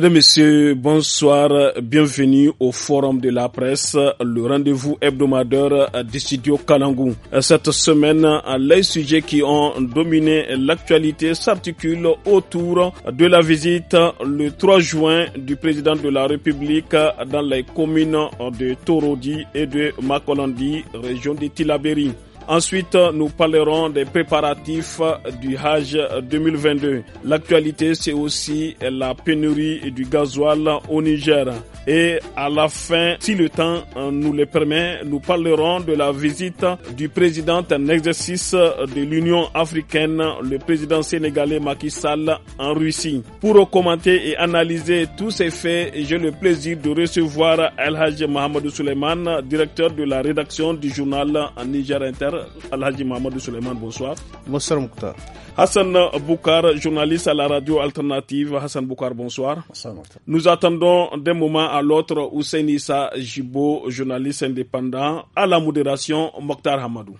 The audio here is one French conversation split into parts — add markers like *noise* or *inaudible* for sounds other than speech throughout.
Mesdames, Messieurs, bonsoir. Bienvenue au Forum de la presse, le rendez-vous hebdomadaire du studio Kalangou. Cette semaine, les sujets qui ont dominé l'actualité s'articulent autour de la visite le 3 juin du président de la République dans les communes de Torodi et de Makolandi, région de Tilaberi. Ensuite, nous parlerons des préparatifs du Hajj 2022. L'actualité, c'est aussi la pénurie du gasoil au Niger. Et à la fin, si le temps nous le permet, nous parlerons de la visite du président en exercice de l'Union africaine, le président sénégalais Macky Sall, en Russie. Pour commenter et analyser tous ces faits, j'ai le plaisir de recevoir El Hajj Mohamedou Suleiman, directeur de la rédaction du journal Niger Inter. Alhaji Mamadou Suleiman, bonsoir. Bonsoir Mokhtar Hassan Boukar, journaliste à la radio alternative. Hassan Boukar, bonsoir. Nous attendons d'un moment à l'autre Oussé Issa Jibo, journaliste indépendant, à la modération Mokhtar Hamadou.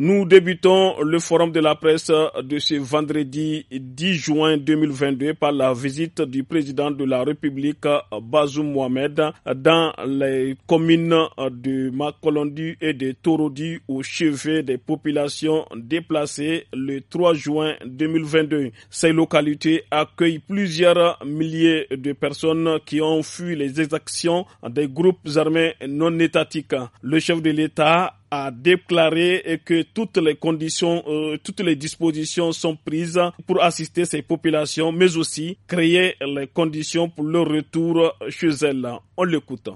Nous débutons le forum de la presse de ce vendredi 10 juin 2022 par la visite du président de la République Bazoum Mohamed dans les communes de Makolondi et de Torodi au chevet des populations déplacées le 3 juin 2022. Ces localités accueillent plusieurs milliers de personnes qui ont fui les exactions des groupes armés non étatiques. Le chef de l'État a déclaré que toutes les conditions, euh, toutes les dispositions sont prises pour assister ces populations, mais aussi créer les conditions pour leur retour chez elles. On l'écoute.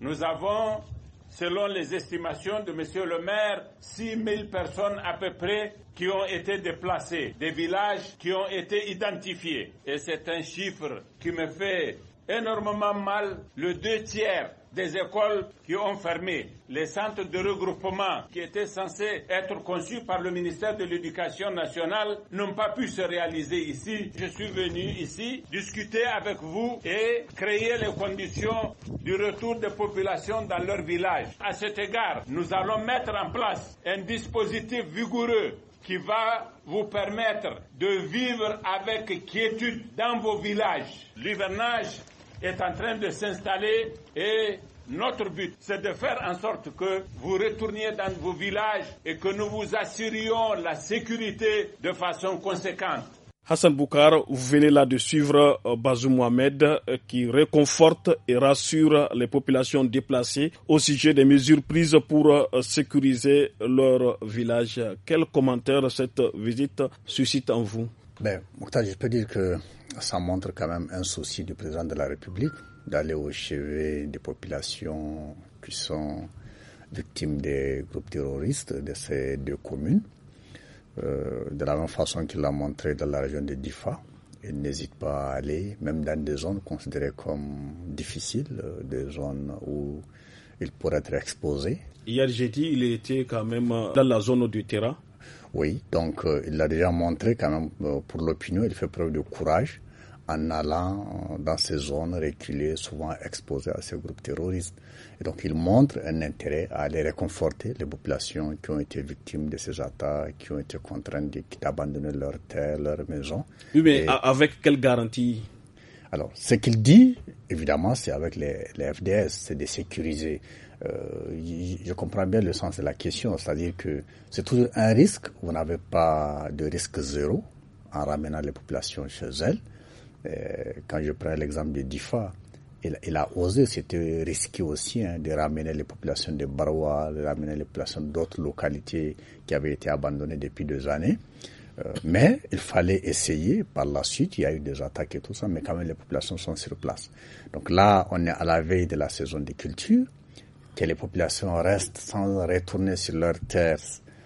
Nous avons, selon les estimations de Monsieur le maire, 6 000 personnes à peu près qui ont été déplacées, des villages qui ont été identifiés. Et c'est un chiffre qui me fait énormément mal. Le deux tiers des écoles qui ont fermé, les centres de regroupement qui étaient censés être conçus par le ministère de l'Éducation nationale n'ont pas pu se réaliser ici. Je suis venu ici discuter avec vous et créer les conditions du retour des populations dans leur village. À cet égard, nous allons mettre en place un dispositif vigoureux qui va vous permettre de vivre avec quiétude dans vos villages. L'hivernage est en train de s'installer et notre but, c'est de faire en sorte que vous retourniez dans vos villages et que nous vous assurions la sécurité de façon conséquente. Hassan Boukar, vous venez là de suivre euh, Bazou Mohamed euh, qui réconforte et rassure les populations déplacées au sujet des mesures prises pour euh, sécuriser leur village. Quel commentaire cette visite suscite en vous ben, je peux dire que ça montre quand même un souci du président de la République d'aller au chevet des populations qui sont victimes des groupes terroristes de ces deux communes. Euh, de la même façon qu'il l'a montré dans la région de Difa, il n'hésite pas à aller, même dans des zones considérées comme difficiles, euh, des zones où il pourrait être exposé. Hier dit il était quand même euh, dans la zone du terrain. Oui, donc il l'a déjà montré quand même pour l'opinion, il fait preuve de courage en allant dans ces zones reculées, souvent exposées à ces groupes terroristes. Et donc, il montre un intérêt à aller réconforter les populations qui ont été victimes de ces attaques, qui ont été contraintes d'abandonner leur terre, leurs maisons. Oui, mais avec quelle garantie alors, ce qu'il dit, évidemment, c'est avec les, les FDS, c'est de sécuriser. Euh, je comprends bien le sens de la question, c'est-à-dire que c'est toujours un risque. Vous n'avez pas de risque zéro en ramenant les populations chez elles. Euh, quand je prends l'exemple de Difa, il, a osé, c'était risqué aussi, hein, de ramener les populations de Barwa, de ramener les populations d'autres localités qui avaient été abandonnées depuis deux années. Euh, mais il fallait essayer. Par la suite, il y a eu des attaques et tout ça, mais quand même, les populations sont sur place. Donc là, on est à la veille de la saison des cultures, que les populations restent sans retourner sur leurs terres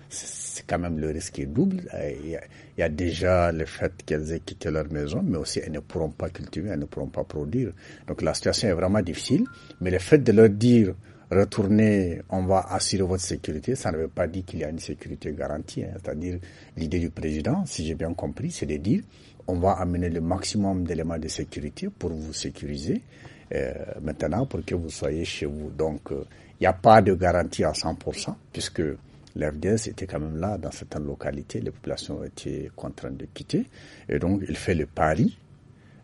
c'est quand même le risque est double. Il y a, il déjà le fait qu'elles aient quitté leur maison, mais aussi elles ne pourront pas cultiver, elles ne pourront pas produire. Donc la situation est vraiment difficile, mais le fait de leur dire retournez, on va assurer votre sécurité, ça ne veut pas dire qu'il y a une sécurité garantie. Hein. C'est-à-dire l'idée du président, si j'ai bien compris, c'est de dire on va amener le maximum d'éléments de sécurité pour vous sécuriser euh, maintenant pour que vous soyez chez vous. Donc euh, il n'y a pas de garantie à 100% puisque L'FDS était quand même là dans certaines localités, les populations étaient contraintes de quitter. Et donc, il fait le pari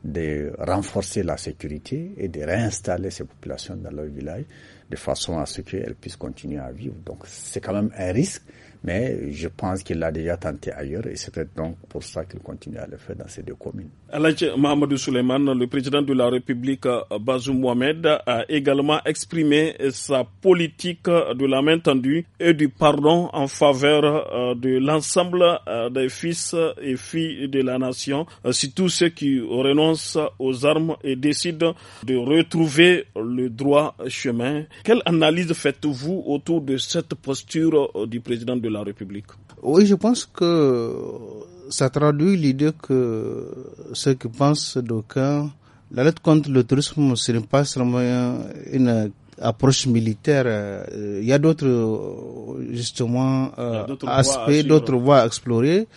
de renforcer la sécurité et de réinstaller ces populations dans leur village de façon à ce qu'elles puissent continuer à vivre. Donc c'est quand même un risque, mais je pense qu'il l'a déjà tenté ailleurs et c'est donc pour ça qu'il continue à le faire dans ces deux communes. Alaj Mohamedou Suleiman, le président de la République Bazoum Mohamed, a également exprimé sa politique de la main tendue et du pardon en faveur euh, de l'ensemble euh, des fils et filles de la nation, euh, surtout ceux qui renoncent aux armes et décident de retrouver le droit chemin. Quelle analyse faites-vous autour de cette posture du président de la République Oui, je pense que ça traduit l'idée que ceux qui pensent d'aucuns, la lutte contre le tourisme, ce n'est pas seulement une approche militaire. Euh, il y a d'autres, euh, justement, euh, aspects, d'autres voies à explorer,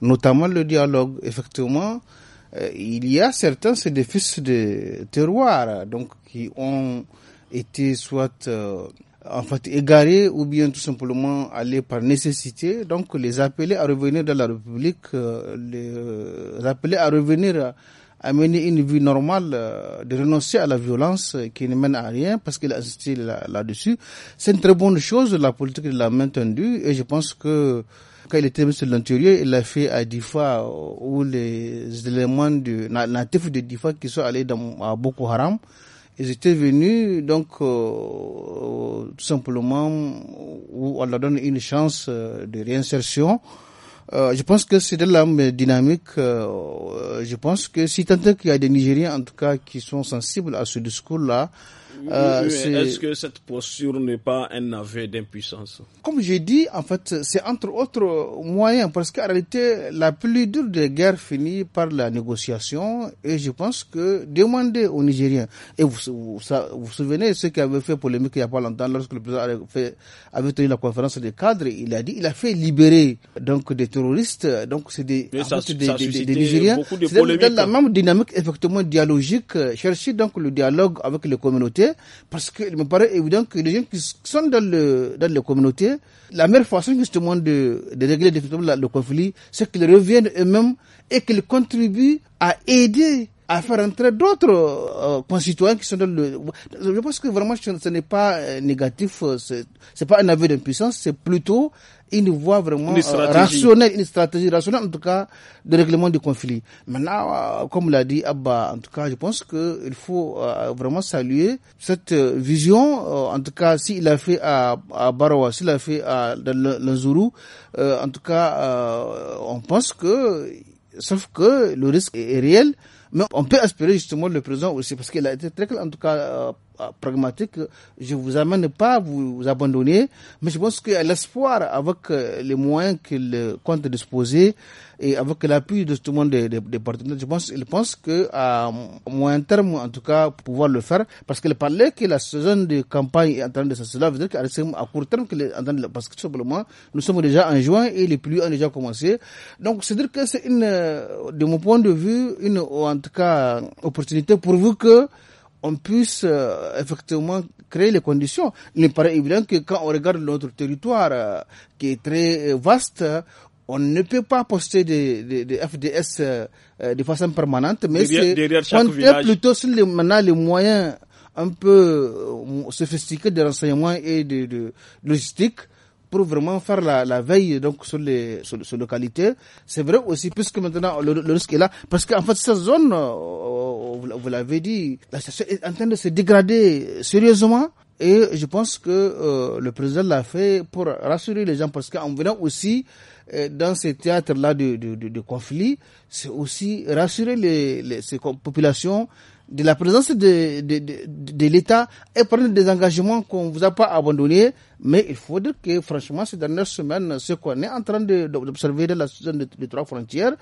notamment le dialogue. Effectivement, il y a certains, c'est des de terroir, donc, qui ont été soit en fait égarés ou bien tout simplement aller par nécessité, donc les appeler à revenir dans la République, euh, les euh, appeler à revenir euh, à, mener une vie normale, de renoncer à la violence qui ne mène à rien parce qu'il a insisté là-dessus. C'est une très bonne chose, la politique de la maintenue et je pense que quand il était ministre de l'Intérieur, il l'a fait à Difa où les éléments du, natifs de Difa qui sont allés dans, à Boko Haram, ils étaient venus, donc, tout euh, euh, simplement, où on leur donne une chance euh, de réinsertion. je pense que c'est de la dynamique. je pense que si tant qu'il y a des Nigériens, en tout cas, qui sont sensibles à ce discours-là, euh, euh, euh, est-ce que cette posture n'est pas un aveu d'impuissance Comme j'ai dit, en fait, c'est entre autres moyens, parce qu'en réalité, la plus dure des guerres finit par la négociation, et je pense que demander aux Nigériens, et vous vous, vous, souvenez ce qui avait fait polémique il n'y a pas longtemps, lorsque le président avait, tenu la conférence des cadres, il a dit, il a fait libérer donc des terroristes, donc c'est des, ça, des, Nigériens, c'est la même dynamique effectivement dialogique, chercher donc le dialogue avec les communautés parce qu'il me paraît évident que les gens qui sont dans, le, dans les communautés, la meilleure façon justement de, régler le conflit, c'est qu'ils reviennent eux-mêmes et qu'ils contribuent à aider à faire entrer d'autres euh, concitoyens qui sont dans le... Je pense que vraiment, ce n'est pas euh, négatif, euh, c'est pas un aveu d'impuissance, c'est plutôt une voie vraiment rationnelle, une stratégie rationnelle, en tout cas, de règlement du conflit. Maintenant, comme l'a dit Abba, en tout cas, je pense que il faut vraiment saluer cette vision, en tout cas, s'il a fait à, à Barawa, s'il a fait à Lanzuru, en tout cas, on pense que, sauf que le risque est réel, mais on peut espérer justement le présent aussi, parce qu'il a été très clair, en tout cas, euh, euh, pragmatique, je vous amène pas vous, vous abandonner, mais je pense qu'il y a l'espoir, avec euh, les moyens qu'il euh, compte disposer et avec l'appui de tout le monde des, partenaires, je pense, il pense que à moyen terme, en tout cas, pouvoir le faire, parce qu'il parlait que la saison de campagne est en train de cest veut dire qu'à court terme, parce que tout simplement, nous sommes déjà en juin et les pluies ont déjà commencé. Donc, c'est dire que c'est une, de mon point de vue, une, en tout cas, opportunité pour vous que on puisse euh, effectivement créer les conditions. Il me paraît évident que quand on regarde notre territoire euh, qui est très euh, vaste, on ne peut pas poster des, FDS de façon permanente, mais c'est on plutôt sur les, maintenant les moyens un peu sophistiqués de renseignement et de, de logistique pour vraiment faire la, veille donc sur les sur, localités. C'est vrai aussi puisque maintenant le, risque est là parce qu'en fait cette zone, euh, vous, l'avez dit, la situation est en train de se dégrader sérieusement. Et je pense que euh, le président l'a fait pour rassurer les gens parce qu'en venant aussi euh, dans ces théâtres-là de, de, conflit, c'est aussi rassurer les, ces populations de la présence de, de, de, l'État et prendre des engagements qu'on vous a pas abandonnés mais il faut dire que, franchement, ces dernières semaines, ce qu'on est en train d'observer dans la zone des de trois frontières,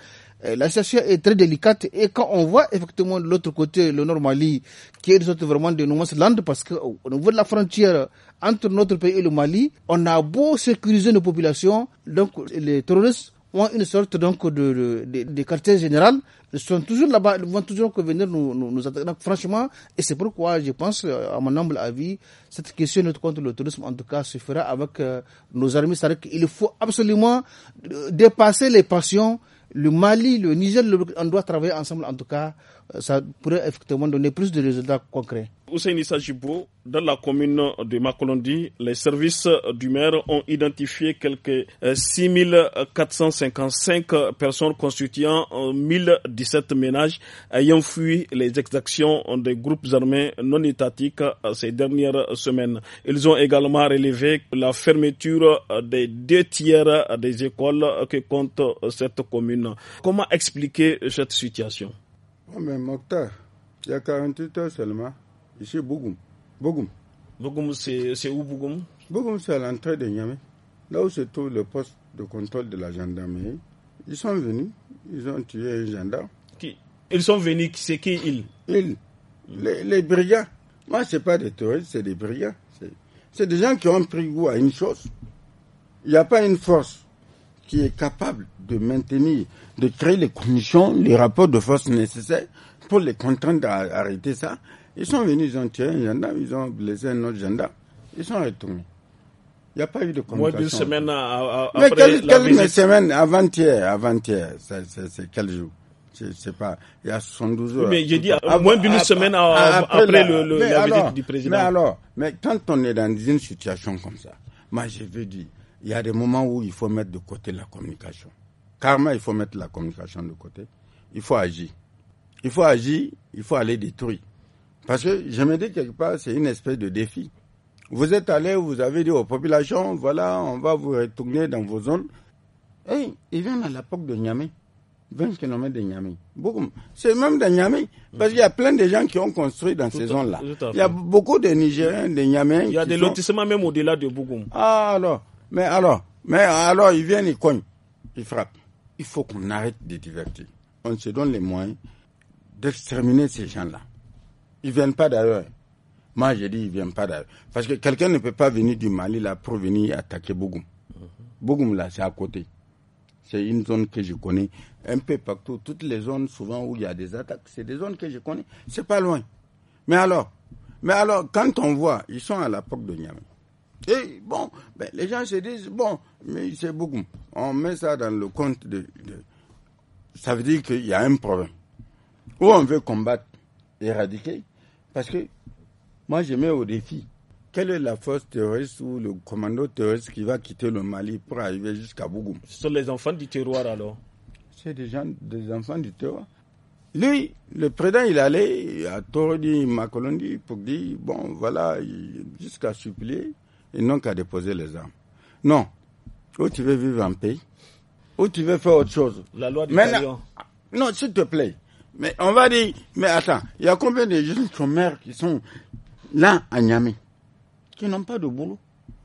eh, la situation est très délicate. Et quand on voit effectivement de l'autre côté, le Nord Mali, qui est vraiment de nombreuses land, parce qu'au au niveau de la frontière entre notre pays et le Mali, on a beau sécuriser nos populations, donc les terroristes ont une sorte donc de, de, de quartier général. Ils sont toujours là-bas, ils vont toujours venir nous, nous, attaquer. franchement, et c'est pourquoi je pense, euh, à mon humble avis, cette question de contre le tourisme, en tout cas, se fera avec euh, nos armées. C'est-à-dire qu'il faut absolument euh, dépasser les passions. Le Mali, le Niger, on doit travailler ensemble, en tout cas, ça pourrait effectivement donner plus de résultats concrets. Sajibo, dans la commune de Makolondi, les services du maire ont identifié quelques 6455 euh, personnes constituant 1017 euh, ménages ayant fui les exactions des groupes armés non étatiques euh, ces dernières semaines. Ils ont également relevé la fermeture des deux tiers des écoles que compte cette commune. Comment expliquer cette situation? Mais Mokhtar, il y a 48 heures seulement, ici Bougoum. Bougoum. Bougoum, c'est où Bougoum Bougoum, c'est à l'entrée de Niamey, là où se trouve le poste de contrôle de la gendarmerie. Ils sont venus, ils ont tué un gendarme. Qui Ils sont venus, c'est qui ils Ils, les, les brigands. Moi, ce pas des terroristes, c'est des brigands. C'est des gens qui ont pris goût à une chose. Il n'y a pas une force qui est capable de maintenir, de créer les conditions, les rapports de force nécessaires pour les contraindre à arrêter ça. Ils sont venus, ils ont tiré un gendarme, ils ont blessé un autre gendarme, ils sont retournés. Il n'y a pas eu de communication. Moins d'une semaine euh, euh, Mais avant-hier, avant-hier, c'est quel jour je ne sais pas, il y a 72 heures. Mais j'ai dit, à, euh, moins d'une semaine après, le, la visite du président. Mais alors, mais quand on est dans une situation comme ça, moi je veux dire, il y a des moments où il faut mettre de côté la communication. Karma, il faut mettre la communication de côté. Il faut agir. Il faut agir, il faut aller détruire. Parce que je me dis quelque part, c'est une espèce de défi. Vous êtes allé, vous avez dit aux populations, voilà, on va vous retourner dans vos zones. Et eh, ils viennent à la de Niamey, 20 km de Niamey. C'est même de Niamey, parce qu'il y a plein de gens qui ont construit dans ces zones-là. Il y a beaucoup de Nigériens, de Niamey. Il y a des lotissements même au-delà de Bougoum. Ah, alors. Mais alors, mais alors, ils viennent, ils cognent, ils frappent. Il faut qu'on arrête de divertir. On se donne les moyens d'exterminer ces gens-là. Ils viennent pas d'ailleurs. Moi, j'ai dit, ils viennent pas d'ailleurs. Parce que quelqu'un ne peut pas venir du Mali là pour venir attaquer Bougoum. Bougoum là, c'est à côté. C'est une zone que je connais un peu partout. Toutes les zones, souvent, où il y a des attaques, c'est des zones que je connais. C'est pas loin. Mais alors, mais alors, quand on voit, ils sont à la porte de Niamey. Et eh, bon, ben, les gens se disent, bon, mais c'est beaucoup. On met ça dans le compte de... Ça veut dire qu'il y a un problème. Où on veut combattre, éradiquer, parce que moi je mets au défi. Quelle est la force terroriste ou le commando terroriste qui va quitter le Mali pour arriver jusqu'à Bougoum Ce sont les enfants du terroir alors C'est des gens, des enfants du terroir. Lui, le président, il allait à Torodi, Makolondi, pour dire, bon, voilà, jusqu'à supplier ils n'ont qu'à déposer les armes. Non. Ou tu veux vivre en pays, ou tu veux faire autre chose. La loi du Maintenant, Non, s'il te plaît. Mais on va dire, mais attends, il y a combien de jeunes chômeurs qui sont là à Niamey, qui n'ont pas de boulot,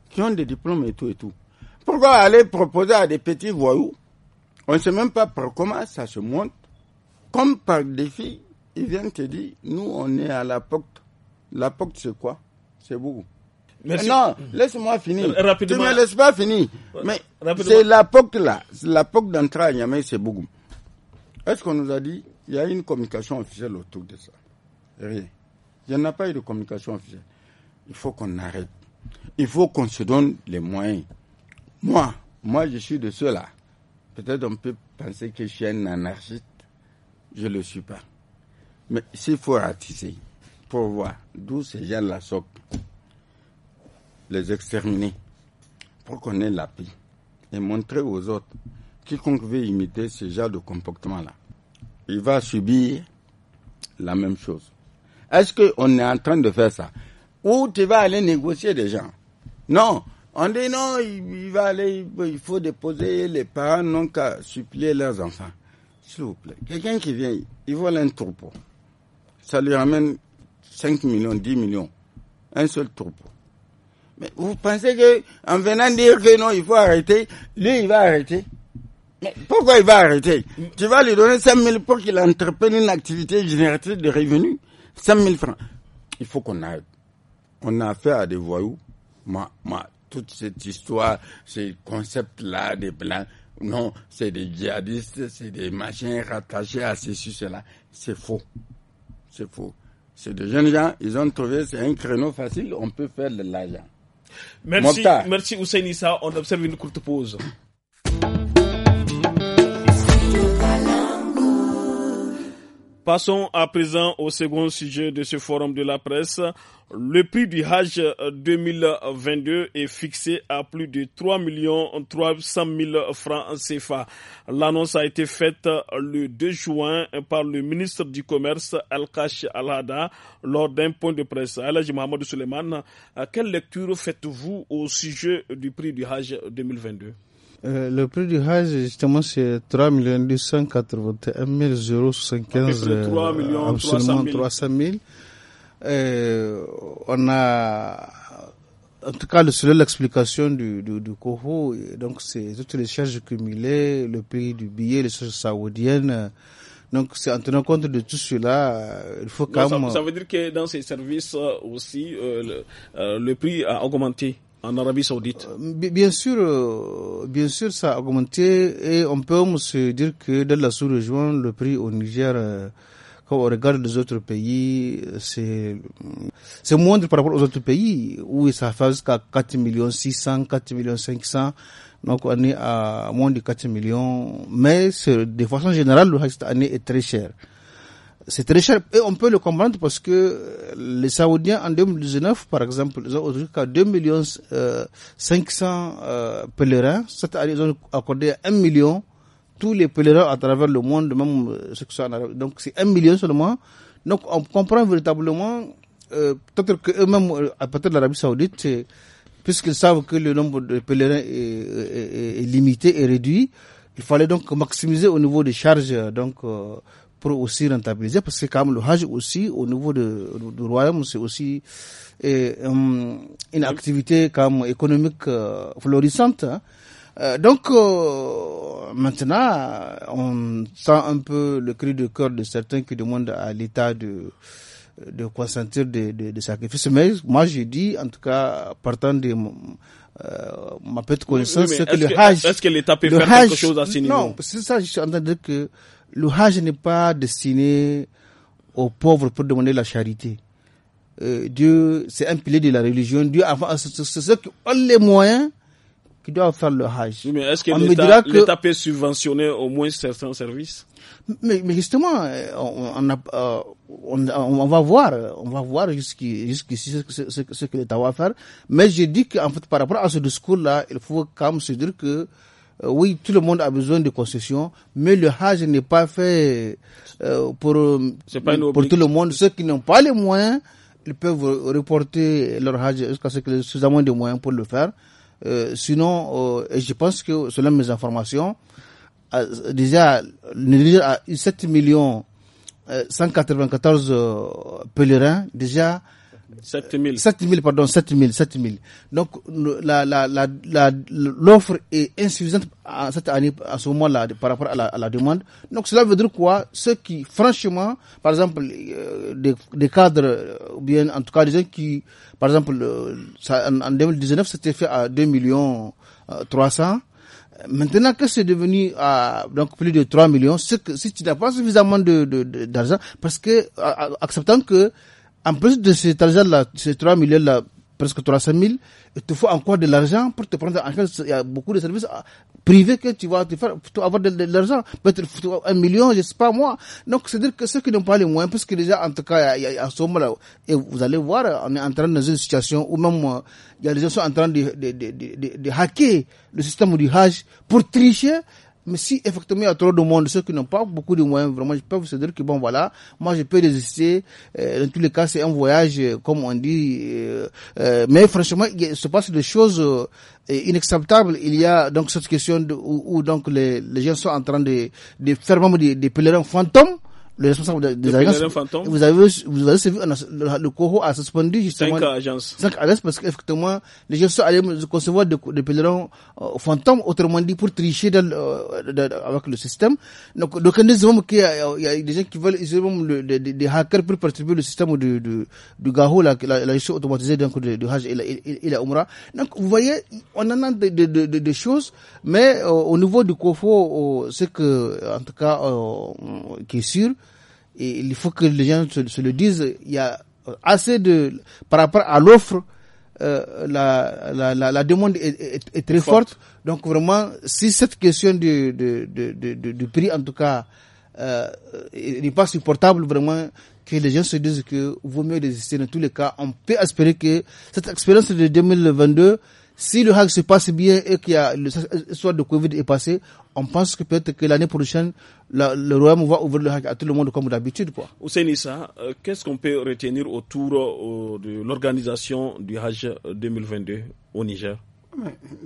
qui ont des diplômes et tout et tout. Pourquoi aller proposer à des petits voyous On ne sait même pas par comment ça se monte. Comme par défi, ils viennent te dire, nous on est à la porte. La porte c'est quoi C'est beaucoup. Non, laisse-moi finir. Euh, rapidement. Tu ne me laisses pas finir. Euh, Mais c'est la POC là. La POC d'entrée à c'est beaucoup. Est-ce qu'on nous a dit il y a une communication officielle autour de ça Rien. Il n'y en a pas eu de communication officielle. Il faut qu'on arrête. Il faut qu'on se donne les moyens. Moi, moi, je suis de ceux-là. Peut-être on peut penser que je suis un anarchiste. Je ne le suis pas. Mais s'il faut ratisser pour voir d'où ces gens-là sortent, les exterminer pour qu'on ait la paix et montrer aux autres quiconque veut imiter ce genre de comportement-là, il va subir la même chose. Est-ce qu'on est en train de faire ça Ou tu vas aller négocier des gens Non. On dit non, il, va aller, il faut déposer, les parents non qu'à supplier leurs enfants. S'il vous plaît, quelqu'un qui vient, il vole un troupeau. Ça lui ramène 5 millions, 10 millions. Un seul troupeau. Mais vous pensez que en venant dire que non, il faut arrêter, lui, il va arrêter. Mais pourquoi il va arrêter Tu vas lui donner 5 000 pour qu'il entreprenne une activité génératrice de revenus. 5 000 francs. Il faut qu'on arrête. On a affaire à des voyous. Ma, ma, toute cette histoire, ces concepts-là, des blancs. non, c'est des djihadistes, c'est des machins rattachés à ceci, cela. C'est faux. C'est faux. C'est des jeunes gens, ils ont trouvé, c'est un créneau facile, on peut faire de l'argent. Merci, merci Hussein Issa. On observe une courte pause. Passons à présent au second sujet de ce forum de la presse. Le prix du Hajj 2022 euh, est fixé à plus de 3 millions 000 francs CFA. L'annonce a été faite euh, le 2 juin par le ministre du Commerce Al-Kash Al-Hada lors d'un point de presse. Alaj Mohamed Suleiman, euh, quelle lecture faites-vous au sujet du prix du Hajj 2022 euh, le prix du Hajj, justement, c'est 3 281 075, euh, 300 000. Euh, on a, en tout cas, selon l'explication du, du, du donc c'est toutes les charges cumulées, le prix du billet, les charges saoudiennes, donc, c'est en tenant compte de tout cela, euh, il faut quand même. Ça, veut dire que dans ces services aussi, le, prix a augmenté en Arabie Saoudite euh, Bien sûr, euh, bien sûr, ça a augmenté et on peut se dire que dans la sous-région, le prix au Niger, euh, quand on regarde les autres pays, c'est c'est moindre par rapport aux autres pays. où ça fait jusqu'à 4 millions 600, 4 millions 500. Donc on est à moins de 4 millions. Mais de façon générale, le reste année est très cher c'est très cher et on peut le comprendre parce que euh, les Saoudiens en 2019, par exemple, ils ont autorisé 2 millions 500 euh, euh, pèlerins. Cette année, ils ont accordé 1 million tous les pèlerins à travers le monde, même ceux qui sont en Arabie. Donc c'est 1 million seulement. Donc on comprend véritablement, peut-être que eux-mêmes, à partir de l'Arabie Saoudite, puisqu'ils savent que le nombre de pèlerins est, limité et réduit, il fallait donc maximiser au niveau des charges. Donc pour aussi rentabiliser, parce que comme le Hajj aussi, au niveau du de, royaume, c'est aussi euh, une activité comme économique euh, florissante. Hein. Euh, donc maintenant, on sent un peu le cri de cœur de certains qui demandent à l'État de de consentir des de, de sacrifices. Mais moi, j'ai dit, en tout cas, partant de ma petite connaissance, c'est que, le Hajj... Est-ce que l'État peut faire quelque chose à ce niveau Non, c'est ça, je suis en train de dire que le Hajj n'est pas destiné aux pauvres pour demander la charité. Euh, Dieu, c'est un pilier de la religion. Dieu, c'est ceux qui ont les moyens qui doivent faire le Hajj. mais est-ce que l'État que... peut subventionner au moins certains services mais, justement, euh, euh, on, on, va voir, on va voir jusqu'ici ce, ce, ce, que l'État va faire. Mais je dis qu'en fait, par rapport à ce discours-là, il faut quand même se dire que euh, oui, tout le monde a besoin de concessions, mais le Hajj n'est pas fait euh, pour, pour tout le monde. Ceux qui n'ont pas les moyens, ils peuvent reporter leur Hajj jusqu'à ce qu'ils aient suffisamment de moyens pour le faire. Euh, sinon, je pense que, selon mes informations, déjà, Niger a 7 millions 194 pèlerins. Déjà, 7000. 000, pardon, 7000, 7000. Donc, l'offre la, la, la, l'offre est insuffisante à cette année, à ce moment-là, par rapport à la, à la, demande. Donc, cela veut dire quoi? Ceux qui, franchement, par exemple, euh, des, des, cadres, euh, ou bien, en tout cas, des gens qui, par exemple, euh, ça, en, 2019, c'était fait à 2 millions euh, 300. Maintenant que c'est devenu à donc plus de 3 millions, que, si tu n'as pas suffisamment d'argent, de, de, parce que acceptant que en plus de cet argent-là, ces 3 millions-là, presque 300 000, il te faut encore de l'argent pour te prendre en charge. Il y a beaucoup de services euh, privés que tu vas te faire, pour avoir de, l'argent. Peut-être un million, je sais pas moi. Donc, c'est-à-dire que ceux qui n'ont pas les moyens, parce que déjà, en tout cas, il y a, là et vous allez voir, on est en train dans une situation où même, euh, il y a des gens qui sont en train de, de, de, de hacker le système du hash pour tricher mais si effectivement il y a trop de monde, ceux qui n'ont pas beaucoup de moyens, vraiment, je peux vous dire que bon voilà, moi je peux résister. Euh, dans tous les cas, c'est un voyage, euh, comme on dit. Euh, mais franchement, il se passe des choses inacceptables. Il y a donc cette question de, où, donc les, gens sont en train de, faire même des, des pèlerins fantômes le responsable des agences. Vous avez, vous avez vu, euh, le, Coho a suspendu justement. Cinq agences. Cinq agences parce qu'effectivement, les gens sont allés concevoir des, des pèlerins euh, fantômes, autrement dit, pour tricher euh, avec le système. Donc, donc, des hommes qui, il y, a des gens qui veulent, des, hackers pour perturber le système ou de, du GAHO, la, la, la gestion automatisée donc, de, de Hajj et la, et, Donc, vous voyez, on en a des de, de, de, choses, mais au niveau du COHO, c'est que, en tout cas, qui est sûr, et il faut que les gens se, le disent, il y a assez de, par rapport à l'offre, euh, la, la, la, demande est, très forte. Donc vraiment, si cette question du, de, de, de, prix, en tout cas, euh, euh, n'est pas supportable, vraiment, que les gens se disent que vaut mieux résister. Dans tous les cas, on peut espérer que cette expérience de 2022 si le hack se passe bien et qu'il y a l'histoire euh, de Covid est passé, on pense que peut-être que l'année prochaine, le royaume va ouvrir le hack à tout le monde comme d'habitude. quoi. Nissa, euh, qu'est-ce qu'on peut retenir autour euh, de l'organisation du Hajj 2022 au Niger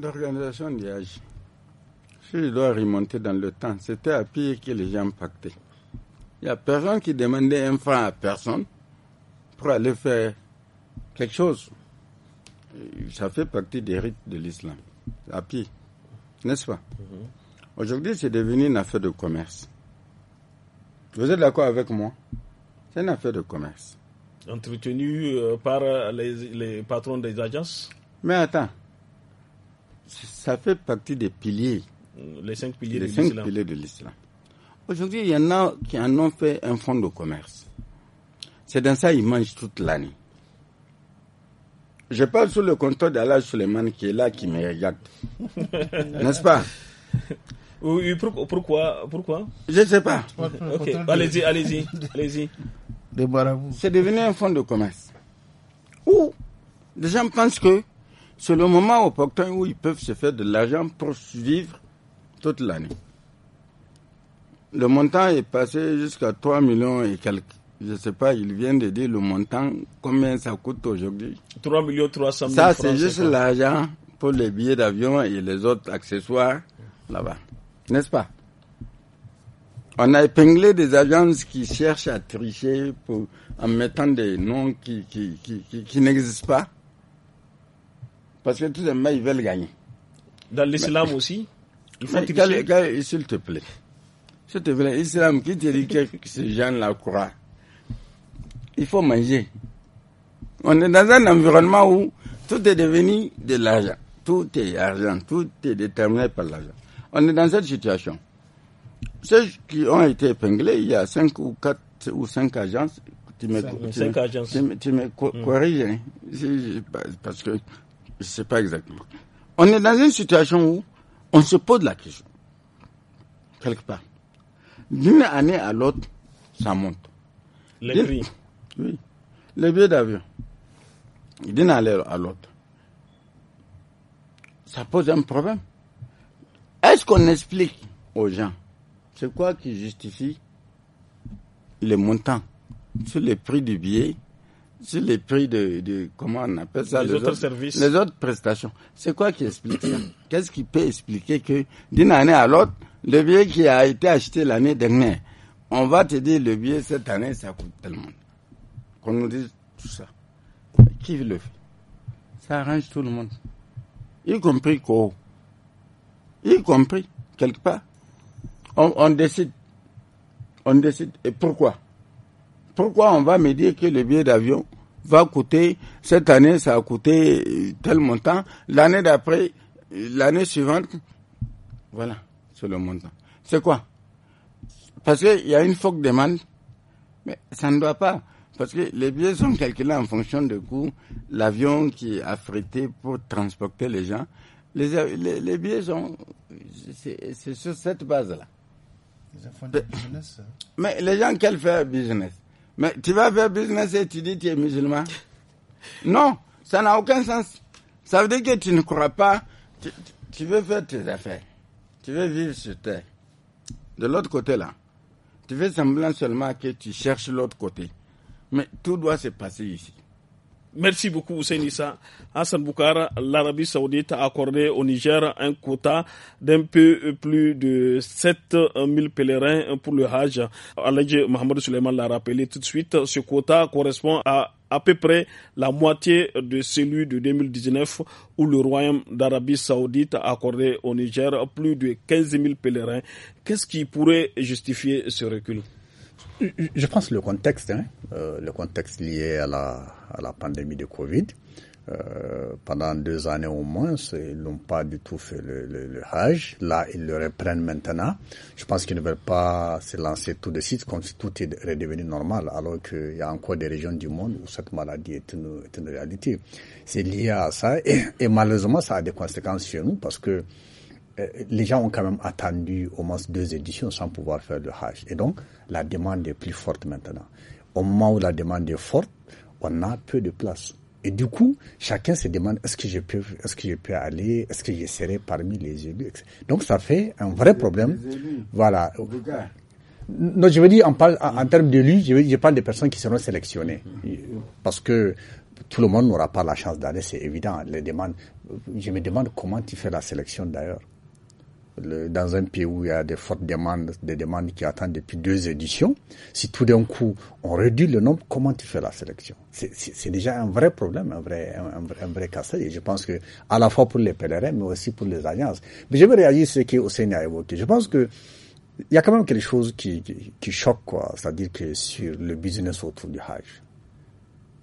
L'organisation du Hajj, si je dois remonter dans le temps, c'était à pire que les gens pactaient. Il n'y a personne qui demandait un franc à personne pour aller faire quelque chose. Euh, ça fait partie des rites de l'islam, à pied, n'est-ce pas mhm. Aujourd'hui, c'est devenu une affaire de commerce. Vous êtes d'accord avec moi C'est une affaire de commerce. Entretenue euh, par euh, les, patrons des agences Mais attends, ça fait partie des piliers. Mm, les cinq piliers de l'islam. Aujourd'hui, il y en a qui en ont fait un fonds de commerce. C'est dans ça qu'ils mangent toute l'année. Je parle sous le contrôle d'Allah Suleiman qui est là, qui me regarde. *laughs* N'est-ce pas pourquoi, pourquoi Je ne sais pas. allez-y, allez-y, allez-y. C'est devenu un fonds de commerce. Où les gens pensent que c'est le moment opportun où ils peuvent se faire de l'argent pour vivre toute l'année. Le montant est passé jusqu'à 3 millions et quelques je ne sais pas, il vient de dire le montant, combien ça coûte aujourd'hui 3 300 000 Ça, c'est juste l'argent pour les billets d'avion et les autres accessoires là-bas. N'est-ce pas On a épinglé des agences qui cherchent à tricher pour, en mettant des noms qui, qui, n'existent pas. Parce que tout simplement, ils veulent gagner. Dans l'islam aussi Il faut tricher. S'il te plaît. S'il te plaît, l'islam qui te dit que ces gens-là croient il faut manger. On est dans un environnement où tout est devenu de l'argent. Tout est argent, tout est déterminé par l'argent. On est dans cette situation. Ceux qui ont été épinglés, il y a cinq ou quatre ou cinq agences. Tu me, corriges, parce que je sais pas exactement. On est dans une situation où on se pose la question, quelque part. D'une année à l'autre, ça monte. Les prix. Oui. le billet d'avion, d'une allée à l'autre, ça pose un problème. Est-ce qu'on explique aux gens c'est quoi qui justifie les montants sur les prix du billet, sur les prix de, de comment on appelle ça, les, autres, services, les autres prestations. C'est quoi qui explique ça Qu'est-ce qui peut expliquer que d'une année à l'autre, le billet qui a été acheté l'année dernière, on va te dire le billet cette année ça coûte tellement qu'on nous dise tout ça. Qui le fait Ça arrange tout le monde. Y compris quoi Y compris, quelque part. On, on, décide. On décide. Et pourquoi Pourquoi on va me dire que le billet d'avion va coûter, cette année ça a coûté euh, tel montant, l'année d'après, euh, l'année suivante, voilà, c'est le montant. C'est quoi Parce qu'il y a une forte demande, mais ça ne doit pas. Parce que les billets sont calculés en fonction du coût. L'avion qui a frité pour transporter les gens, les, billets sont. C'est sur cette base-là. business. Hein. Mais les gens qu'elles font business. Mais tu vas faire business et tu dis que tu es musulman. Non, ça n'a aucun sens. Ça veut dire que tu ne crois pas. Tu, tu veux faire tes affaires. Tu veux vivre sur terre. De l'autre côté là. Tu fais semblant seulement que tu cherches l'autre côté. Mais tout doit se passer ici. Merci beaucoup, Nissa. Hassan Boukara, l'Arabie saoudite a accordé au Niger un quota d'un peu plus de 7000 pèlerins pour le Hajj. Mohamed Suleiman l'a rappelé tout de suite. Ce quota correspond à à peu près la moitié de celui de 2019 où le Royaume d'Arabie saoudite a accordé au Niger plus de 15 000 pèlerins. Qu'est-ce qui pourrait justifier ce recul je pense le contexte, hein, euh, le contexte lié à la, à la pandémie de Covid. Euh, pendant deux années au moins, ils n'ont pas du tout fait le, le, le Hajj. Là, ils le reprennent maintenant. Je pense qu'ils ne veulent pas se lancer tout de suite comme si tout est redevenu normal, alors qu'il y a encore des régions du monde où cette maladie est une, est une réalité. C'est lié à ça et, malheureusement, ça a des conséquences chez nous parce que euh, les gens ont quand même attendu au moins deux éditions sans pouvoir faire le Hajj. Et donc, la demande est plus forte maintenant. Au moment où la demande est forte, on a peu de place. Et du coup, chacun se demande est-ce que je peux, est-ce que je peux aller, est-ce que je serai parmi les élus. Donc ça fait un vrai problème. voilà. Donc, je veux dire, en, en, termes d'élus, je, je, parle des personnes qui seront sélectionnées. Parce que tout le monde n'aura pas la chance d'aller, c'est évident. Les demandes, je me demande comment tu fais la sélection d'ailleurs dans un pays où il y a des fortes demandes, des demandes qui attendent depuis deux éditions, si tout d'un coup on réduit le nombre, comment tu fais la sélection C'est déjà un vrai problème, un vrai, un, vrai, un vrai casse Et je pense que à la fois pour les pèlerins, mais aussi pour les alliances. Mais je veux réagir sur ce que Sénat a évoqué. Je pense que il y a quand même quelque chose qui, qui, qui choque, quoi. C'est-à-dire que sur le business autour du Hajj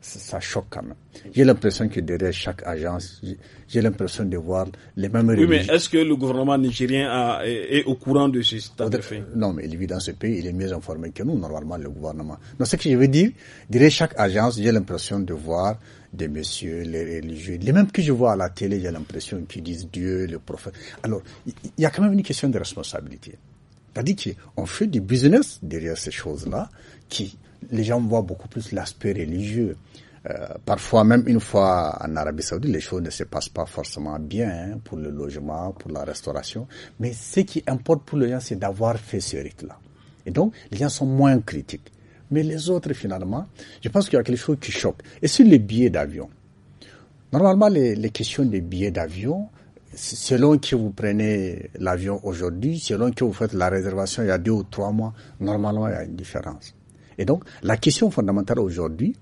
ça, choque quand même. J'ai l'impression que derrière chaque agence, j'ai l'impression de voir les mêmes Oui, mais est-ce que le gouvernement nigérien est, au courant de ce stade de fait Non, mais il vit dans ce pays, il est mieux informé que nous, normalement, le gouvernement. Donc, ce que je veux dire, derrière chaque agence, j'ai l'impression de voir des messieurs, les religieux, les mêmes que je vois à la télé, j'ai l'impression qu'ils disent Dieu, le prophète. Alors, il y, y a quand même une question de responsabilité. C'est-à-dire qu'on fait du business derrière ces choses-là qui les gens voient beaucoup plus l'aspect religieux. Euh, parfois, même une fois en Arabie Saoudite, les choses ne se passent pas forcément bien hein, pour le logement, pour la restauration. Mais ce qui importe pour les gens, c'est d'avoir fait ce rite-là. Et donc, les gens sont moins critiques. Mais les autres, finalement, je pense qu'il y a quelque chose qui choque. Et sur les billets d'avion, normalement, les, les, questions des billets d'avion, selon que vous prenez l'avion aujourd'hui, selon que vous faites la réservation il y a deux ou trois mois, normalement, il y a une différence. Et donc, la question fondamentale aujourd'hui,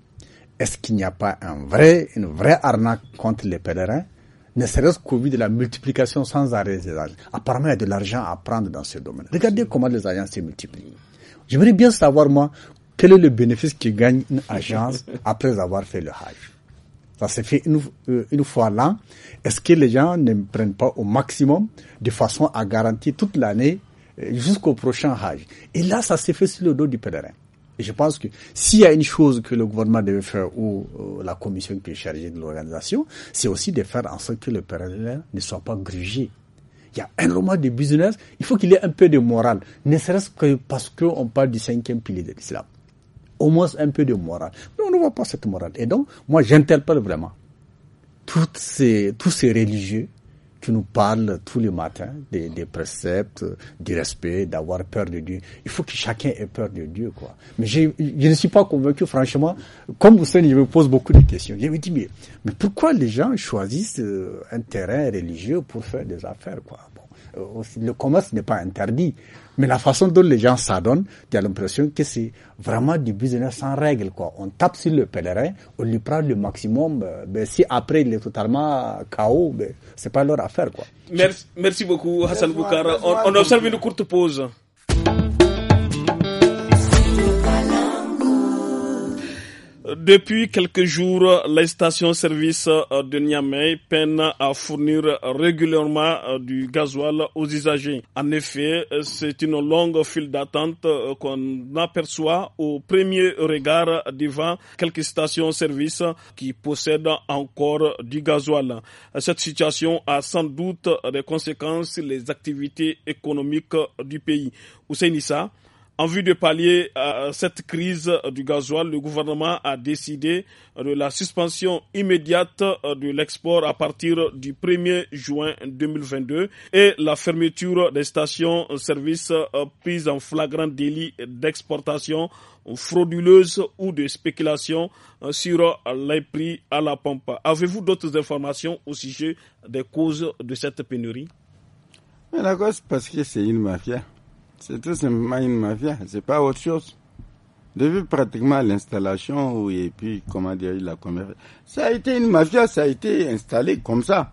est-ce qu'il n'y a pas un vrai, une vraie arnaque contre les pèlerins ne serait-ce qu'au vu de la multiplication sans arrêt des agents. Apparemment, il y a de l'argent à prendre dans ce domaine. Regardez comment les agences se multiplient. J'aimerais bien savoir, moi, quel est le bénéfice que gagne une agence après avoir fait le Hajj. Ça s'est fait une, euh, une fois là. Est-ce que les gens ne prennent pas au maximum de façon à garantir toute l'année euh, jusqu'au prochain Hajj Et là, ça s'est fait sur le dos du pèlerin. Et je pense que s'il y a une chose que le gouvernement devait faire ou euh, la commission qui est chargée de l'organisation, c'est aussi de faire en sorte que le père ne soit pas grugé. Il y a un roman de business, il faut qu'il y ait un peu de morale, ne serait-ce que parce qu'on parle du cinquième pilier de l'islam. Au moins un peu de morale. Mais on ne voit pas cette morale. Et donc, moi, j'interpelle vraiment ces, tous ces religieux nous parle tous les matins des, des préceptes, du respect, d'avoir peur de Dieu. Il faut que chacun ait peur de Dieu, quoi. Mais je, je ne suis pas convaincu, franchement. Comme vous savez, je me pose beaucoup de questions. Je me dis, mais, mais pourquoi les gens choisissent euh, un terrain religieux pour faire des affaires, quoi? Euh, le commerce n'est pas interdit. Mais la façon dont les gens s'adonnent, tu as l'impression que c'est vraiment du business sans règle. Quoi. On tape sur le pèlerin, on lui prend le maximum. Euh, ben, si après il est totalement KO, ben, c'est pas leur affaire. Quoi. Merci, beaucoup Hassan Boukar on observe une courte pause. Depuis quelques jours, les stations services euh, de Niamey peinent à fournir régulièrement euh, du gasoil aux usagers. En effet, euh, c'est une longue file d'attente qu'on aperçoit au premier regard devant quelques stations-service qui possèdent encore du gasoil. Cette situation a sans doute des conséquences sur les activités économiques du pays. Hussein en vue de pallier euh, cette crise euh, du gasoil, le gouvernement a décidé euh, de la suspension immédiate de l'export à partir du 1er juin 2022 et la fermeture des stations services prises en flagrant délit d'exportation frauduleuse ou de spéculation sur les prix à la pompe. Avez-vous d'autres informations au sujet des causes de cette pénurie? la cause, parce que c'est une mafia. C'est tout simplement une mafia, c'est pas autre chose. Depuis pratiquement l'installation et puis, comment dire, la commerce. Ça a été une mafia, ça a été installé comme ça.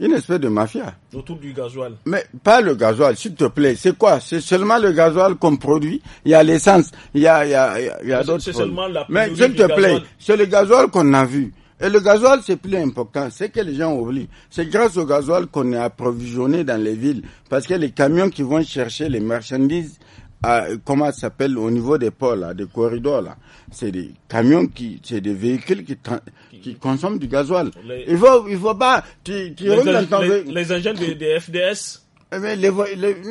Une espèce de mafia. Autour du gasoil. Mais pas le gasoil, s'il te plaît. C'est quoi C'est seulement le gasoil qu'on produit. Il y a l'essence, il y a, il y a, il y a d'autres. C'est seulement la Mais s'il te plaît, c'est le gasoil qu'on a vu. Et le gasoil, c'est plus important. C'est que les gens oublient. C'est grâce au gasoil qu'on est approvisionné dans les villes. Parce que les camions qui vont chercher les marchandises, euh, comment ça s'appelle, au niveau des ports, là, des corridors, là, c'est des camions qui, c'est des véhicules qui, consomment du gasoil. Il faut, il faut pas, les, engins des, FDS. Eh ben,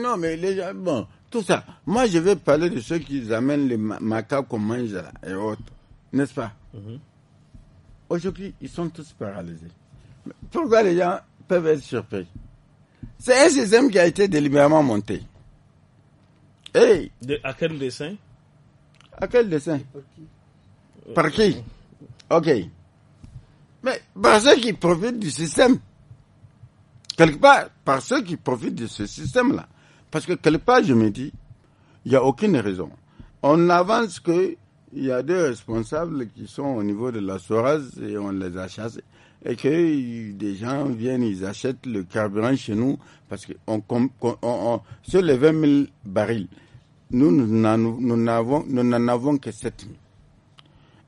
non, mais les, bon, tout ça. Moi, je vais parler de ceux qui amènent les macas qu'on mange et autres. N'est-ce pas? Mm-hmm. Aujourd'hui, ils sont tous paralysés. Pourquoi les gens peuvent être surpris C'est un système qui a été délibérément monté. Hey. à quel dessin À quel dessin Par qui, Ok. Mais par ceux qui profitent du système. Quelque part, par ceux qui profitent de ce système-là. Parce que quelque part, je me dis, il n'y a aucune raison. On avance que il y a deux responsables qui sont au niveau de la Soraz et on les a chassés. Et que des gens viennent, ils achètent le carburant chez nous parce que on, sur les 20 000 barils, nous, nous n'en avons, que 7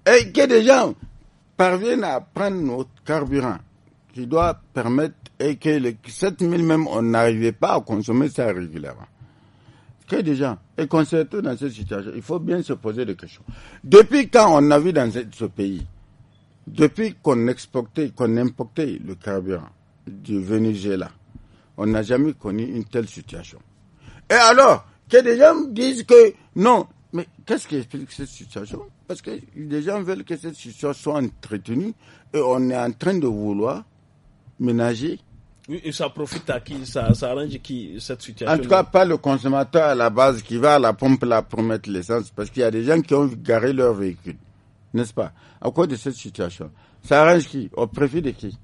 000. Et que des gens parviennent à prendre notre carburant qui doit permettre et que les 7 000 même, on n'arrivait pas à consommer ça régulièrement que des gens, et qu'on se retrouve dans cette situation, il faut bien se poser des questions. Depuis quand on a vu dans ce pays, depuis qu'on exportait, qu'on importait le carburant du Venezuela, on n'a jamais connu une telle situation. Et alors, que des gens disent que non, mais qu'est-ce qui explique cette situation Parce que les gens veulent que cette situation soit entretenue et on est en train de vouloir ménager et ça profite à qui ça, arrange qui cette situation En tout cas, pas le consommateur à la base qui va à la pompe là pour mettre l'essence, parce qu'il y a des gens qui ont garé leur véhicule, n'est-ce pas À cause de cette situation, ça arrange qui Au profit de qui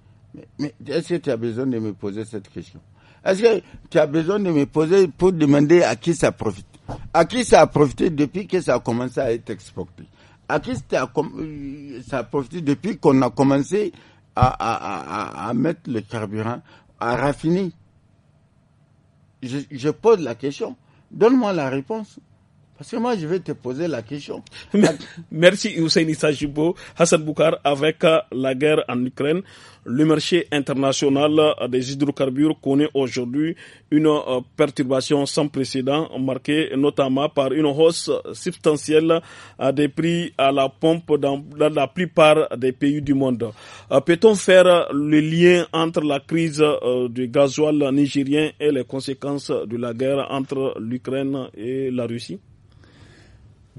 est-ce que tu as besoin de me poser cette question Est-ce que tu as besoin de me poser pour demander à qui ça profite À qui ça a profité depuis que ça a commencé à être exporté À qui ça a, euh, profité depuis qu'on a commencé à, à, mettre le carburant à je pose la question. Donne-moi la réponse. Parce que moi, je vais te poser la question. *laughs* Merci Hussein Sajibo, Hassan Boukar, avec euh, la guerre en Ukraine. Le marché international euh, des hydrocarbures connaît aujourd'hui une euh, perturbation sans précédent, marquée notamment par une hausse substantielle des prix à la pompe dans, la plupart des pays du monde. Peut-on faire le lien entre la crise du gasoil nigérien et les conséquences de la guerre entre l'Ukraine et la Russie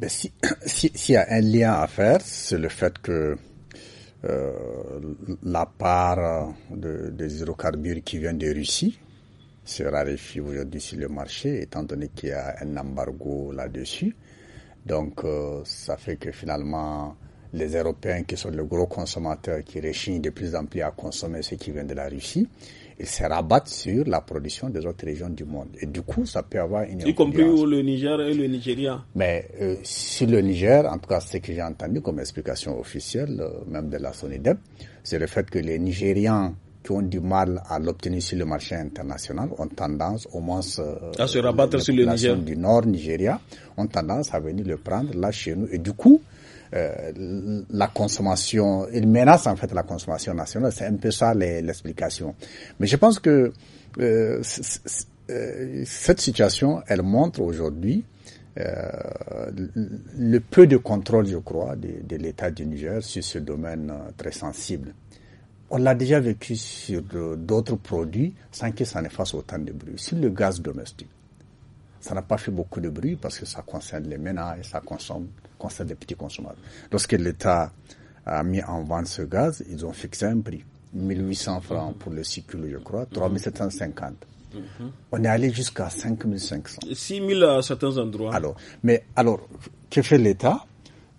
ben, *coughs* s'il si, y a un lien à faire, c'est le fait que euh, la part euh, des hydrocarbures qui viennent de Russie se raréfie aujourd'hui sur le marché, étant donné qu'il y a un embargo là-dessus. Donc, euh, ça fait que finalement, les Européens, qui sont les gros consommateurs, qui réchignent de plus en plus à consommer ce qui vient de la Russie, ils se rabattent sur la production des autres régions du monde. Et du coup, ça peut avoir une... Y compris le Niger et le Nigeria. Mais euh, sur le Niger, en tout cas ce que j'ai entendu comme explication officielle, euh, même de la SONIDEP, c'est le fait que les Nigérians qui ont du mal à l'obtenir sur le marché international ont tendance, au moins, euh, à se rabattre sur le Niger. du Nord Nigeria, ont tendance à venir le prendre là chez nous. Et du coup, euh, la consommation, il menace en fait la consommation nationale. C'est un peu ça l'explication. Mais je pense que euh, euh, cette situation, elle montre aujourd'hui euh, le peu de contrôle, je crois, de, de l'État du Niger sur ce domaine euh, très sensible. On l'a déjà vécu sur d'autres produits sans que ça ne fasse autant de bruit, sur le gaz domestique. Ça n'a pas fait beaucoup de bruit parce que ça concerne les ménages, ça consomme, concerne les petits consommateurs. Lorsque l'État a mis en vente ce gaz, ils ont fixé un prix. 1800 francs pour le cycle, je crois, 3750. 750. Mhm. On est allé jusqu'à 5500. 6000 à certains endroits. Alors, mais alors, que fait l'État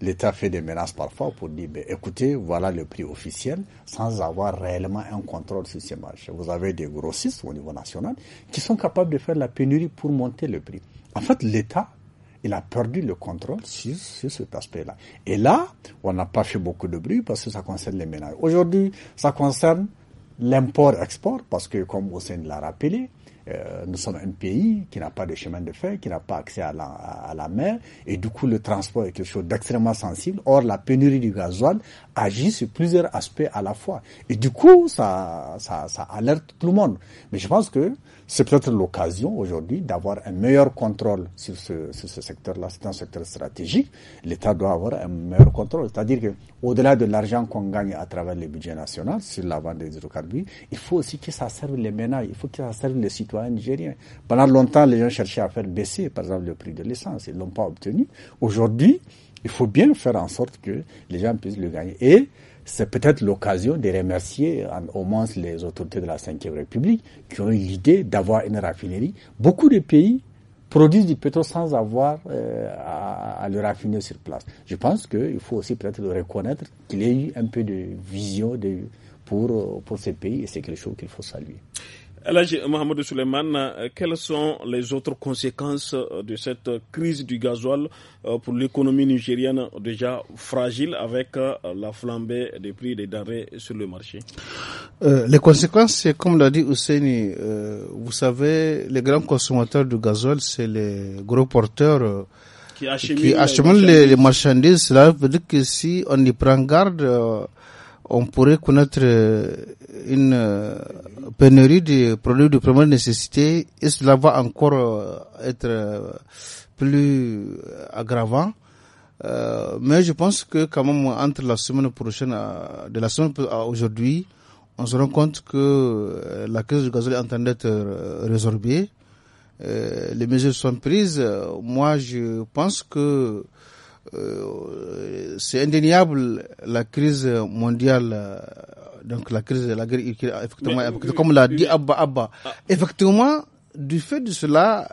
l'État fait des menaces parfois pour dire, ben, écoutez, voilà le prix officiel, sans avoir réellement un contrôle sur ces marchés. Vous avez des grossistes au niveau national qui sont capables de faire la pénurie pour monter le prix. En fait, l'État, il a perdu le contrôle sur, sur cet aspect-là. Et là, on n'a pas fait beaucoup de bruit parce que ça concerne les ménages. Aujourd'hui, ça concerne l'import-export parce que, comme Hossein l'a rappelé, euh, nous sommes un pays qui n'a pas de chemin de fer, qui n'a pas accès à la, à la, mer, et du coup le transport est quelque chose d'extrêmement sensible. Or, la pénurie du gasoil agit sur plusieurs aspects à la fois. Et du coup, ça, ça, ça alerte tout le monde. Mais je pense que c'est peut-être l'occasion aujourd'hui d'avoir un meilleur contrôle sur ce, sur ce secteur-là. C'est un secteur stratégique. L'État doit avoir un meilleur contrôle. C'est-à-dire que au-delà de l'argent qu'on gagne à travers le budget national sur la vente des hydrocarbures, il faut aussi que ça serve les ménages, il faut que ça serve les citoyens nigériens. Pendant longtemps, les gens cherchaient à faire baisser, par exemple, le prix de l'essence. Ils l'ont pas obtenu. Aujourd'hui, il faut bien faire en sorte que les gens puissent le gagner. Et c'est peut-être l'occasion de remercier au moins les autorités de la Ve République qui ont eu l'idée d'avoir une raffinerie. Beaucoup de pays produisent du pétrole sans avoir euh, à, le raffiner sur place. Je pense qu'il faut aussi peut-être reconnaître qu'il y a eu un peu de vision pour, pour ces pays et c'est quelque chose qu'il faut saluer. Alage Mohamed Souleiman, euh, quelles sont les autres conséquences euh, de cette crise du gasoil euh, pour l'économie nigérienne déjà fragile avec la flambée des prix des denrées sur le marché Les conséquences, c'est comme l'a dit Ousseini, vous savez, les grands consommateurs du gasoil, c'est les gros porteurs. qui acheminent, les, marchandises. Cela veut dire que si on y prend garde, on pourrait connaître euh, une euh, pénurie de produits de première nécessité et cela va encore euh, être plus aggravant. mais je pense que quand même entre la semaine prochaine de la semaine aujourd'hui, on se rend compte que la crise du gazole est en train d'être résorbée. les mesures sont prises. Moi, je pense que euh, c'est indéniable la crise mondiale, euh, donc la crise de la guerre, effectivement, comme l'a dit Abba Abba. Ah. Effectivement, du fait de cela,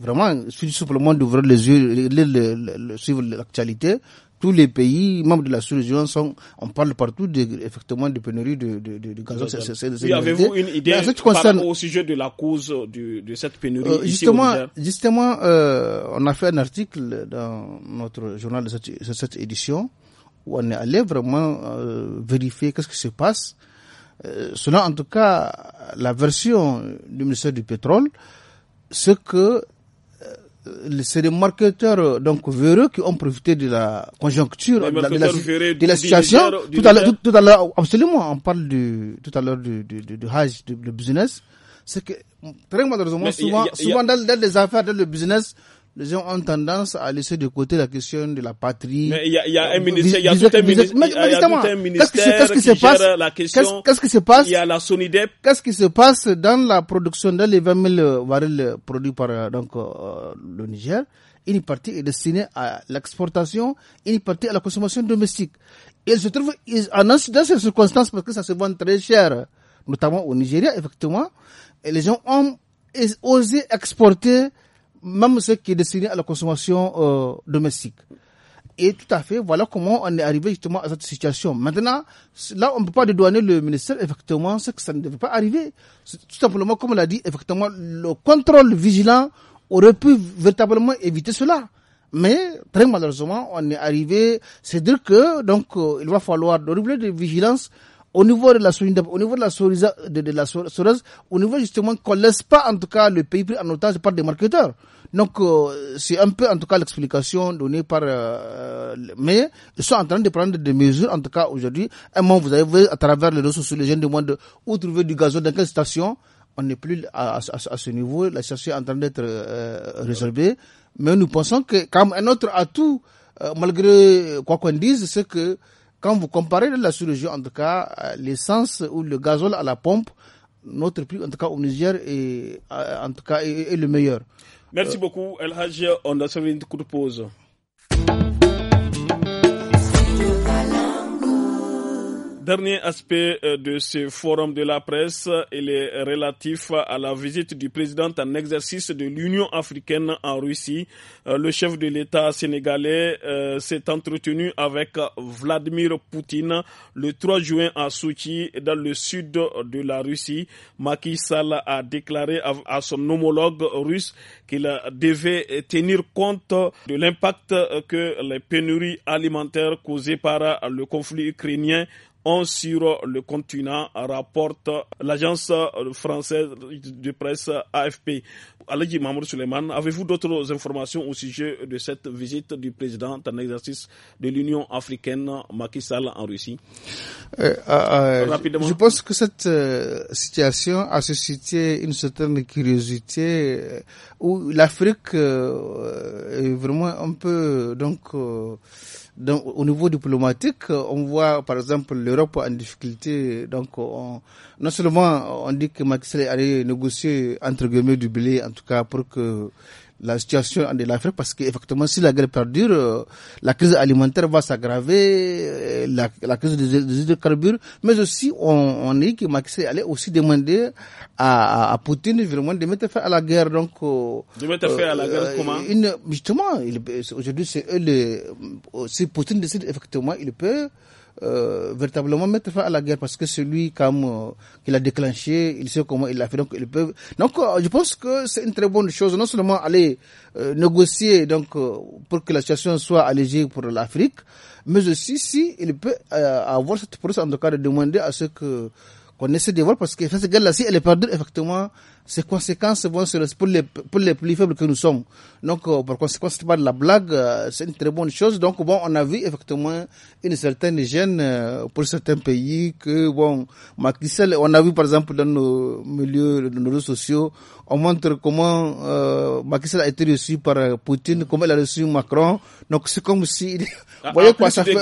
vraiment, il le simplement d'ouvrir les yeux, le suivre l'actualité, tous les pays membres de la sous-région sont, on parle partout de, effectivement de pénurie de, de, de, de gazole. Oui, avez-vous une idée par au sujet de la cause de, de cette pénurie euh, Justement, justement euh, on a fait un article dans notre journal de cette, cette édition où on est allé vraiment euh, vérifier qu'est-ce qui se passe. Euh, selon en tout cas la version du ministère du pétrole, c'est que euh, c'est des marketeurs euh, donc véreux qui ont profité de la conjoncture, de la, situation. tout, à l'heure, absolument, on parle du, tout à l'heure du, du, du, du du, business. C'est que, très malheureusement, souvent, souvent dans, dans les affaires, dans le business, les gens ont tendance à laisser de côté la question de la patrie. Mais il y a, un ministère, il y a tout un ministère, qu'est-ce qui se passe Qu'est-ce qui se passe Il y a la Sonidep. Qu'est-ce qui se passe dans la production, dans les 20 000 barils produits par euh, donc euh, le Niger Une partie est destinée à l'exportation, une partie à la consommation domestique. Et il se trouve ils, dans ces circonstances parce que ça se vend très cher, notamment au Nigeria, effectivement. Et les gens ont osé exporter même ce qui est destiné à la consommation euh, domestique. Et tout à fait, voilà comment on est arrivé justement à cette situation. Maintenant, là, on ne peut pas dédouaner le ministère, effectivement, c'est que ça ne devait pas arriver. Tout simplement, comme on l'a dit, effectivement, le contrôle vigilant aurait pu véritablement éviter cela. Mais très malheureusement, on est arrivé, c'est dire que donc euh, il va falloir de de vigilance au niveau de la souris au niveau de la de, la au niveau justement qu'on laisse pas en tout cas le pays pris en otage par des marketeurs. Donc euh, c'est un peu en tout cas l'explication donnée par euh, mais ils sont en train de prendre des mesures en tout cas aujourd'hui. Un moment vous avez vu à travers les ressources, les jeunes demandent où trouver du gazon, dans quelle station. On n'est plus à, ce niveau, la situation est en train d'être euh, Mais nous pensons que comme un autre atout, euh, malgré quoi qu'on dise, c'est que quand vous comparez la chirurgie, en tout cas, euh, l'essence ou le gazole à la pompe, notre prix, en tout cas au Niger, est, euh, en tout cas, est, le meilleur. Merci beaucoup, El On a sauvé une courte pause. Dernier aspect euh, de ce forum de la presse, il est relatif à la visite du président en exercice de l'Union africaine en Russie. Euh, le chef de l'État sénégalais euh, s'est entretenu avec Vladimir Poutine le 3 juin à Sochi, dans le sud de la Russie. Macky Sall a déclaré à son homologue russe qu'il devait tenir compte de l'impact que les pénuries alimentaires causées par le conflit ukrainien on sur le continent, rapporte l'agence française de presse AFP. Suleiman, avez-vous d'autres informations au sujet de cette visite du président en exercice de l'Union africaine Macky Sall en Russie euh, euh, euh, Je pense que cette situation a suscité une certaine curiosité où l'Afrique est vraiment un peu donc donc, au niveau diplomatique, euh, on voit par exemple l'Europe en difficulté. Donc, on, non seulement on dit que Maxel allait négocier entre guillemets du blé, en tout cas pour que la situation de l'Afrique parce qu'effectivement, si la guerre perdure, euh, la crise alimentaire va s'aggraver, euh, la, la, crise des, des hydrocarbures, mais aussi on, on est que Maxime allait aussi demander à, à, Poutine vraiment de mettre fin à la guerre. Donc, euh, de mettre fin à la guerre comment Justement, aujourd'hui, c'est eux les, si Poutine décide effectivement, il peut euh, véritablement mettre fin à la guerre parce que celui comme euh, qui l'a déclenché, il sait comment il l'a fait. Donc, ils peuvent... donc euh, je pense que c'est une très bonne chose, non seulement aller négocier donc pour que la situation soit allégée pour l'Afrique, mais aussi si il peut avoir cette procédure en tout cas de demander à ce que qu'on essaie de voir parce que cette guerre-là, si elle est perdue, effectivement, ses conséquences vont sur pour les, pour les plus faibles que nous sommes. Donc, euh, par conséquent, c'est pas de la blague, euh, c'est une très bonne chose. Donc, bon, on a vu effectivement une certaine gêne euh, pour certains pays que, bon, Macky on a vu par exemple dans nos milieux, dans nos réseaux sociaux, on montre comment euh, Macky a été reçu par Poutine, comment il a reçu Macron. Donc, c'est comme si, *laughs* vous voyez ah, quoi, ça fait,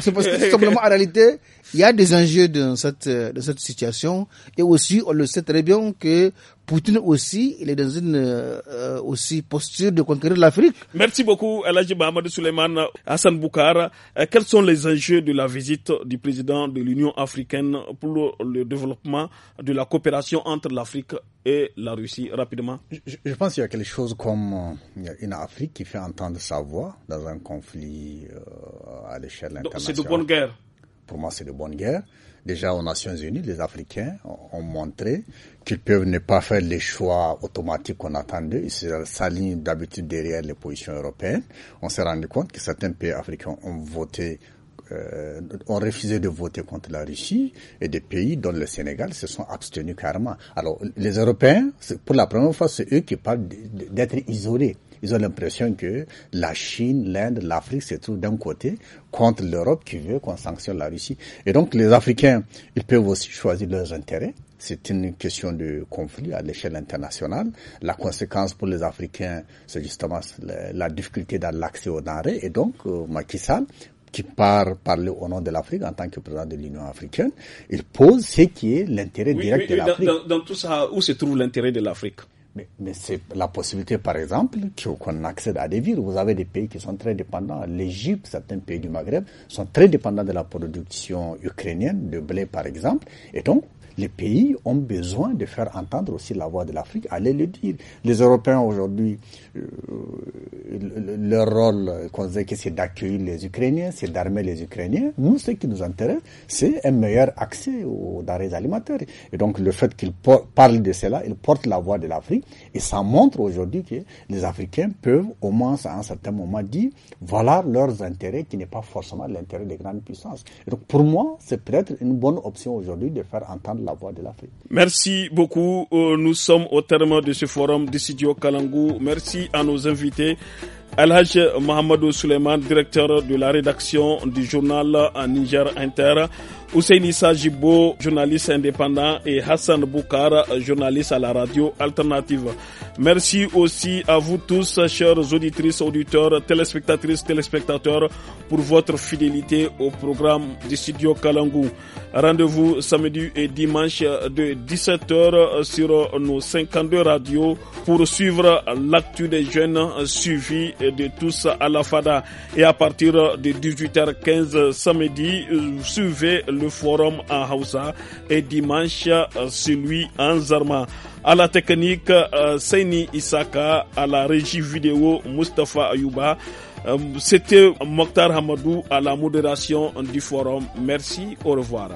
c'est simplement en réalité, il y a des enjeux dans cette, dans cette situation. Et aussi, on le sait très bien que Poutine aussi, il est dans une euh, aussi posture de conquérir l'Afrique. Merci beaucoup, Elhaji Mohamed Suleiman Hassan Boukar. Euh, quels sont les enjeux de la visite du président de l'Union africaine pour le développement de la coopération entre l'Afrique et la Russie, rapidement je, je pense qu'il y a quelque chose comme euh, une Afrique qui fait entendre sa voix dans un conflit à l'échelle internationale. C'est de bonne guerre pour moi, c'est de bonne guerre. Déjà aux Nations Unies, les Africains ont montré qu'ils peuvent ne pas faire les choix automatiques qu'on attendait. Ils s'alignent d'habitude derrière les positions européennes. On s'est rendu compte que certains pays africains ont voté euh, ont refusé de voter contre la Russie et des pays dont le Sénégal se sont abstenus carrément. Alors les Européens, pour la première fois, c'est eux qui parlent d'être isolés. Ils ont l'impression que la Chine, l'Inde, l'Afrique se trouvent d'un côté contre l'Europe qui veut qu'on sanctionne la Russie. Et donc les Africains, ils peuvent aussi choisir leurs intérêts. C'est une question de conflit à l'échelle internationale. La conséquence pour les Africains, c'est justement la, difficulté dans l'accès aux denrées. Et donc, euh, Macky Sall qui part parler au nom de l'Afrique en tant que président de l'Union africaine, il pose ce qui est l'intérêt direct de l'Afrique. dans, tout ça, où se trouve l'intérêt de l'Afrique mais, c'est la possibilité, par exemple, qu'on accède à des villes. Vous avez des pays qui sont très dépendants. L'Égypte, certains pays du Maghreb, sont très dépendants de la production ukrainienne, de blé, par exemple. Et donc, les pays ont besoin de faire entendre aussi la voix de l'Afrique, allez le dire. Les Européens aujourd'hui, euh, leur rôle, c'est d'accueillir les Ukrainiens, c'est d'armer les Ukrainiens. Nous, ce qui nous intéresse, c'est un meilleur accès aux denrées alimentaires. Et donc, le fait qu'ils parlent de cela, ils portent la voix de l'Afrique et ça montre aujourd'hui que les Africains peuvent au moins à un certain moment dire voilà leurs intérêts qui n'est pas forcément l'intérêt des grandes puissances. donc pour moi, c'est peut-être une bonne option aujourd'hui de faire entendre la voix de l'Afrique. Merci beaucoup. Euh, nous sommes au terme de ce forum de Sidio Merci à nos invités. Alhaj Mohamedou Suleiman, directeur de la rédaction du journal Niger Inter. Nissa Jibo, journaliste indépendant, et Hassan Boukar, journaliste à la radio alternative. Merci aussi à vous tous, chers auditrices, auditeurs, téléspectatrices, téléspectateurs, pour votre fidélité au programme du studio Kalangou. Rendez-vous samedi et dimanche de 17h sur nos 52 radios pour suivre l'actu des jeunes suivi de tous à la FADA. Et à partir de 18h15 samedi, euh, suivez le le forum en Hausa et dimanche euh, celui en Zarma. À la technique, euh, Seini Isaka, à la régie vidéo, Mustafa Ayouba. Euh, c'était Mokhtar Hamadou à la modération du forum. Merci, au revoir.